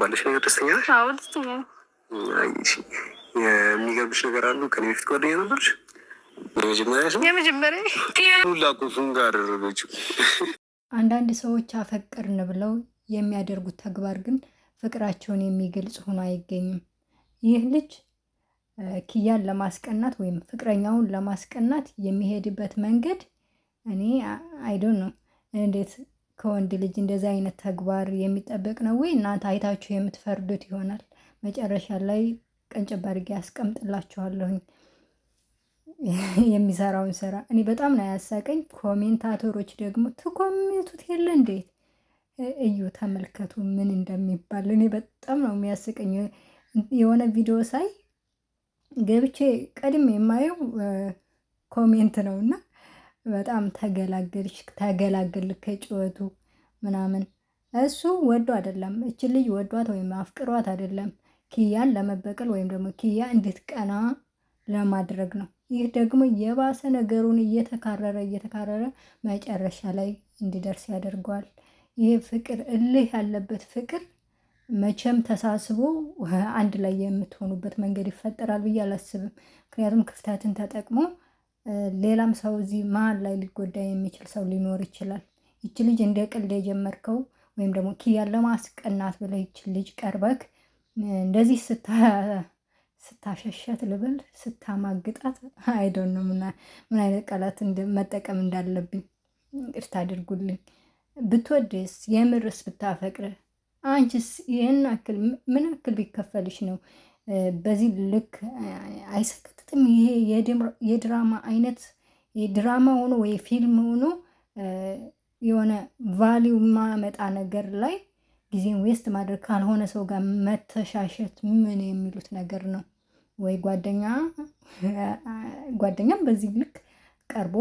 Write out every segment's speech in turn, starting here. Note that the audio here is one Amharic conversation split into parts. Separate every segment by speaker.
Speaker 1: ባለሽ ነገር ደስተኛ ነሽ? አዎ ደስተኛ የሚገርምሽ ነገር አሉ። ከኔ በፊት ጓደኛ ነበርሽ? የመጀመሪያ ሰው የመጀመሪያ ሁላ ቁፉን ጋር አደረገችው።
Speaker 2: አንዳንድ ሰዎች አፈቅርን ብለው የሚያደርጉት ተግባር ግን ፍቅራቸውን የሚገልጽ ሆኖ አይገኝም። ይህ ልጅ ኪያን ለማስቀናት ወይም ፍቅረኛውን ለማስቀናት የሚሄድበት መንገድ እኔ አይዶን ነው እንዴት ከወንድ ልጅ እንደዚህ አይነት ተግባር የሚጠበቅ ነው ወይ? እናንተ አይታችሁ የምትፈርዱት ይሆናል። መጨረሻ ላይ ቀንጨብ አድርጌ ያስቀምጥላችኋለሁኝ የሚሰራውን ስራ። እኔ በጣም ነው ያሳቀኝ። ኮሜንታተሮች ደግሞ ትኮሜቱት የለ እንዴት እዩ ተመልከቱ፣ ምን እንደሚባል እኔ በጣም ነው የሚያስቀኝ። የሆነ ቪዲዮ ሳይ ገብቼ ቀድሜ የማየው ኮሜንት ነው እና በጣም ተገላገልሽ ተገላገል ከጭወቱ ምናምን እሱ ወዶ አይደለም። እች ልጅ ወዷት ወይም አፍቅሯት አይደለም፣ ኪያን ለመበቀል ወይም ደግሞ ኪያ እንድትቀና ለማድረግ ነው። ይህ ደግሞ የባሰ ነገሩን እየተካረረ እየተካረረ መጨረሻ ላይ እንዲደርስ ያደርገዋል። ይህ ፍቅር እልህ ያለበት ፍቅር መቼም ተሳስቦ አንድ ላይ የምትሆኑበት መንገድ ይፈጠራል ብዬ አላስብም። ምክንያቱም ክፍተትን ተጠቅሞ ሌላም ሰው እዚህ መሀል ላይ ሊጎዳ የሚችል ሰው ሊኖር ይችላል። ይቺ ልጅ እንደ ቅልድ የጀመርከው ወይም ደግሞ ኪያን ለማስቀናት ብለህ ይቺ ልጅ ቀርበክ እንደዚህ ስታሸሸት ልብል ስታማግጣት አይዶን ነው ምን አይነት ቃላት መጠቀም እንዳለብኝ ይቅርታ አድርጉልኝ። ብትወድስ የምርስ ብታፈቅር አንቺስ ይህን ያክል ምን ያክል ቢከፈልሽ ነው በዚህ ልክ አይሰክም በእርግጥም ይሄ የድራማ አይነት የድራማ ሆኖ ወይ ፊልም ሆኖ የሆነ ቫሊው ማመጣ ነገር ላይ ጊዜን ዌስት ማድረግ ካልሆነ ሰው ጋር መተሻሸት ምን የሚሉት ነገር ነው? ወይ ጓደኛ ጓደኛም በዚህ ልክ ቀርቦ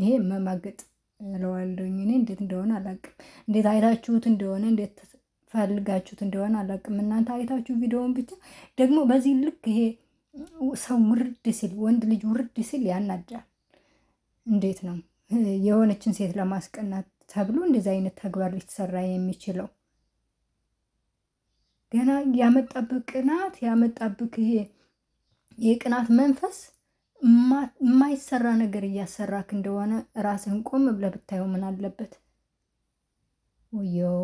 Speaker 2: ይሄ መማገጥ እለዋለሁኝ። እኔ እንዴት እንደሆነ አላቅም። እንዴት አይታችሁት እንደሆነ እንዴት ፈልጋችሁት እንደሆነ አላቅም። እናንተ አይታችሁ ቪዲዮውን ብቻ ደግሞ በዚህ ልክ ይሄ ሰው ውርድ ሲል ወንድ ልጅ ውርድ ሲል ያናዳል። እንዴት ነው የሆነችን ሴት ለማስቀናት ተብሎ እንደዚህ አይነት ተግባር ሊሰራ የሚችለው? ገና ያመጣብህ ቅናት ያመጣብህ ይሄ የቅናት መንፈስ የማይሰራ ነገር እያሰራክ እንደሆነ ራስህን ቆም ብለህ ብታየው ምን አለበት? ውየው